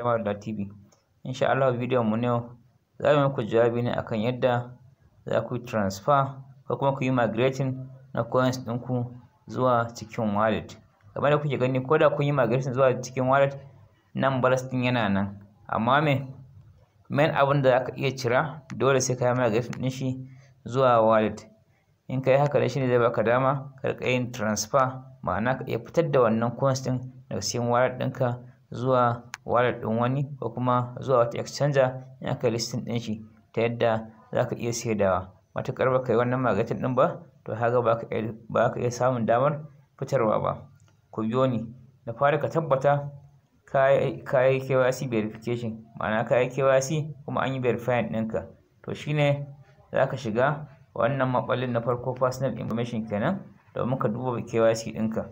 Lamar.tv insha Allah bidiyon mu na yau za mu muku jawabi ne akan yadda za ku transfer ko kuma ku yi migrating na coins ɗinku zuwa cikin wallet kamar da kuke gani ko da kun yi migration zuwa cikin wallet nan balas ɗin yana nan amma me main abin da zaka iya cira dole sai ka yi migration ɗin shi zuwa wallet in ka yi haka ne shine zai baka dama ka riƙa yin transfer ma'ana ka iya fitar da wannan coins ɗin daga cikin wallet ɗinka zuwa wallet ɗin wani ko kuma zuwa wata exchanger in aka listing ɗin shi ta yadda za ka iya saidawa matuƙar ba ka yi wannan magatin ɗin ba to haka ba ka iya samun damar fitarwa ba ku biyo ni da fara ka tabbata ka yi KYC verification ma'ana ka yi KYC kuma an yi verifying ɗinka to shine za ka shiga wannan maɓallin na farko personal information kenan domin ka duba KYC ɗinka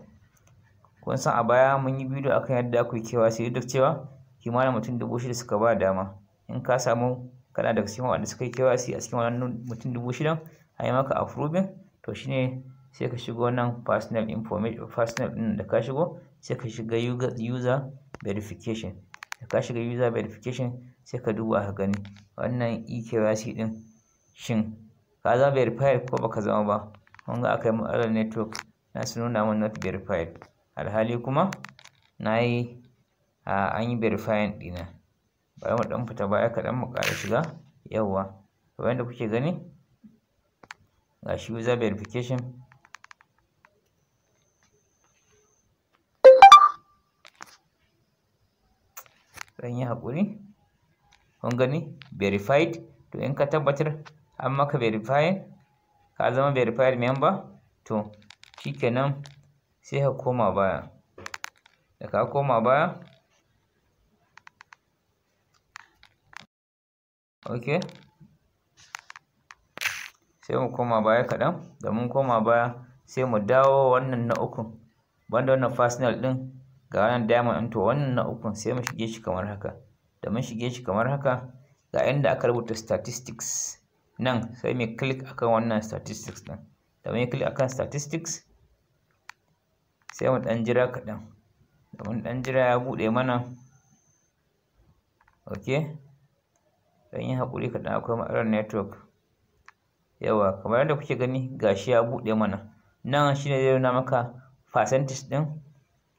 kun san a baya mun yi bidiyo akan yadda aka yi sai duk da cewa kimanin mutum dubu shida suka ba dama in ka samu kana daga cikin wanda suka yi sai a cikin wannan mutum dubu shidan a yi maka approving to shine sai ka shigo nan personal information personal ɗin da ka shigo sai ka shiga user verification da ka shiga user verification sai ka duba ka gani wannan eKYC din? shin ka zama verified ko baka zama ba kun ga akai matsalar network na su nuna min not verified alhali kuma nayi yi an yi verifying ɗina bari mu ɗan fita baya kaɗan mu ƙara shiga yawwa kamar yadda kuke gani ga shi user verification ɗan yi haƙuri kun gani verified to in ka tabbatar an maka verifying ka zama verified member to shikenan sai ka koma baya da ka koma baya ok sai mu koma baya kaɗan da mun koma baya sai mu dawo wannan na ukun banda wannan fasinal ɗin ga wannan diamond ɗin to wannan na ukun sai mu shige shi kamar haka da mun shige shi kamar haka ga inda aka rubuta statistics nan sai mu click akan wannan statistics ɗin da mun click akan statistics sai mu ɗan jira kaɗan da mun ɗan jira ya buɗe mana ok ɗan yi haƙuri kaɗan akwai matsalar network yawa kamar yadda kuke gani gashi ya buɗe mana nan shine zai nuna maka percentage ɗin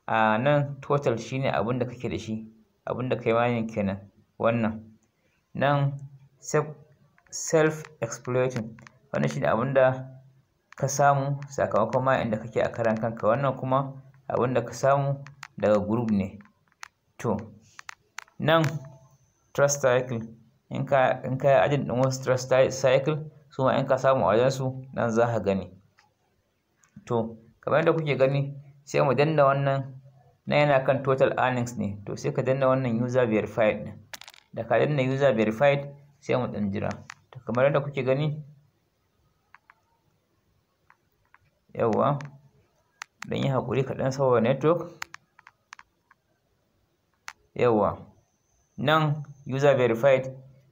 a nan total shine abin da kake da shi abin da kai mayin kenan wannan nan self exploiting wannan shine abin da ka samu sakamakon ma inda kake a karan kanka wannan kuma abin da ka samu daga group ne to nan trust cycle in ka in ka ajin din wasu trust cycle su ma in ka samu a wajen su nan za ka gani to kamar yadda kuke gani sai mu danna wannan na yana kan total earnings ne to sai ka danna wannan user verified da ka danna user verified sai mu dan jira to kamar yadda kuke gani yawwa don yi haƙuri kaɗan saboda network yawwa nan user verified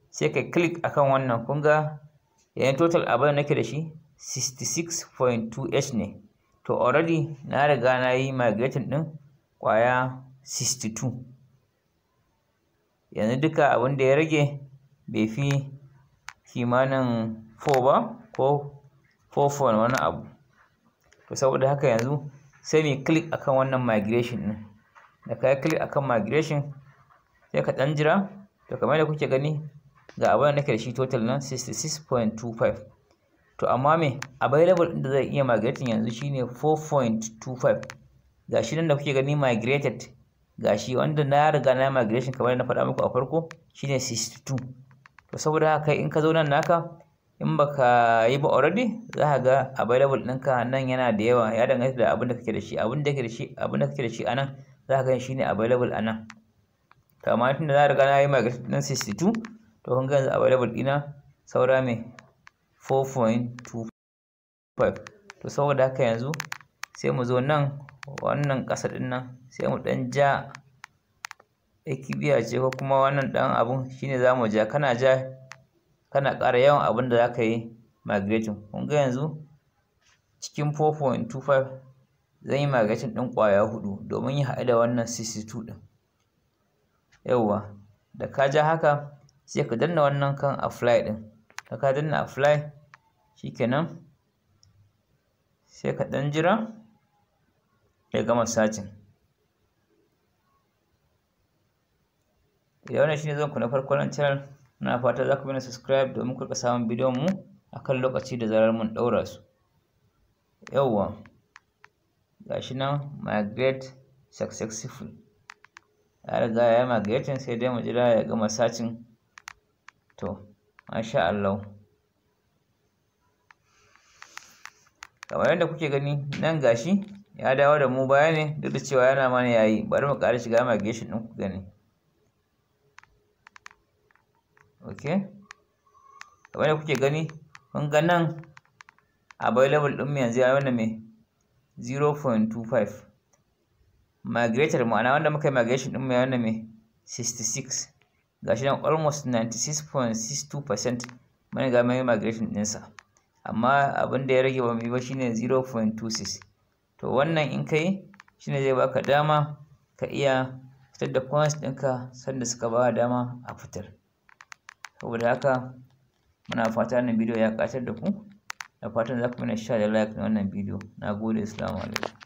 sai ka click akan wannan kun ga yayin total abin nake da shi 66.2h ne to already na riga na yi migrating ɗin kwaya 62 yanzu duka abin da ya rage bai fi kimanin 4 ba ko 4 wani abu to saboda haka yanzu sai mu click akan wannan migration din da kai click akan migration sai ka dan jira to kamar da kuke gani ga abin da nake da shi total nan 66.25 to amma me available din da zai iya migrating yanzu shine 4.25 gashi nan da kuke gani migrated gashi wanda na riga na migration kamar na faɗa muku a farko shine 62 to saboda haka in ka zo nan naka in baka yi ba already za ka ga available ɗinka nan yana da yawa ya danganta da abin da kake da shi abin da kake da shi abin da kake da shi a nan za ka ga shi ne available a nan to amma tunda na riga na yi migration nan 62 to kun ga yanzu available ɗina saura mai 4.25 to saboda haka yanzu sai mu zo nan wannan ƙasa ɗin nan sai mu ɗan ja ikibiya ce ko kuma wannan ɗan abun shine za mu ja kana ja kana ƙara yawan abin da za ka yi migrating kun ga yanzu cikin 4.25 zan yi migrating ɗin ƙwaya huɗu domin ya haɗu da wannan CC2 ɗin yawwa da ka ja haka sai ka danna wannan kan apply ɗin da ka danna apply nan sai ka ɗan jira ya gama sacin idan wannan shine zan na farko channel na fata za ku bi na subscribe domin ku samun bidiyon mu akan lokaci da zarar mun ɗaura su. Yawwa, gashi nan migrate successful. Ya riga ya yi migratin sai dai mu jira ya gama sacin. To, masha Allah. Kamar yadda kuke gani nan gashi ya dawo da mu baya ne duk da cewa yana mana yayi. Bari mu ƙara shiga migration ɗin ku gani. okay kamar yadda kuke gani kun ga nan available ɗin mu yanzu ya wannan me 0.25 migrator ma'ana wanda muka yi migration ɗin mu ya wannan me 66 gashi nan almost 96.62% mun ga mai migration ɗinsa amma abin da ya rage ba mu yi ba shine 0.26 to wannan in kai shine zai baka dama ka iya fitar da coins ɗinka sanda suka ba dama a fitar saboda haka muna fata wannan bidiyo ya ƙasar da ku da fatan za ku mana sha da like na wannan bidiyo na gode assalamu alaikum